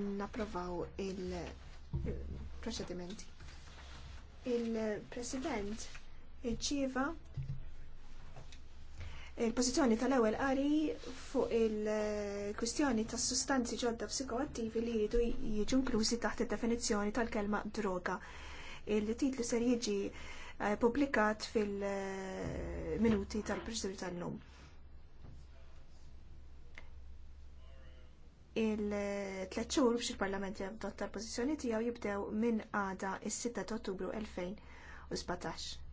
napprovaw il-proċedimenti. Eh, Il-President iċċiva il-pożizzjoni tal-ewwel qari fuq il-kwistjoni tas sustanzi ġodda psikoattivi li jridu jiġu inklużi taħt id-definizzjoni tal-kelma droga. Il-titlu ser jiġi eh, pubblikat fil-minuti eh, tal-proċeduri tal-lum. il-tlet xhur biex il-Parlament jadotta tal pożizzjoni tiegħu jibdew minn għada is-6 ta' Ottubru 2017.